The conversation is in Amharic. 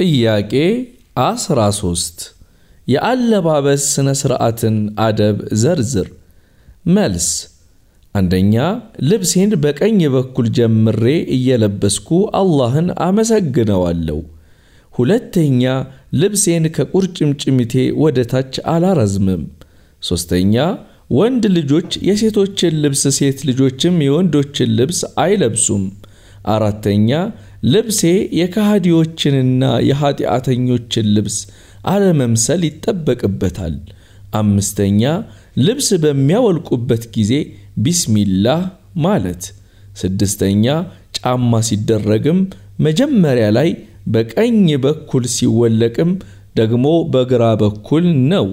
ጥያቄ 13 የአለባበስ ሥነ ሥርዓትን አደብ ዘርዝር። መልስ አንደኛ ልብሴን በቀኝ በኩል ጀምሬ እየለበስኩ አላህን አመሰግነዋለሁ። ሁለተኛ ልብሴን ከቁርጭምጭሚቴ ወደ ታች አላረዝምም። ሦስተኛ ወንድ ልጆች የሴቶችን ልብስ ሴት ልጆችም የወንዶችን ልብስ አይለብሱም። አራተኛ ልብሴ የካሃዲዎችንና የኃጢአተኞችን ልብስ አለመምሰል ይጠበቅበታል። አምስተኛ ልብስ በሚያወልቁበት ጊዜ ቢስሚላህ ማለት። ስድስተኛ ጫማ ሲደረግም መጀመሪያ ላይ በቀኝ በኩል ሲወለቅም ደግሞ በግራ በኩል ነው።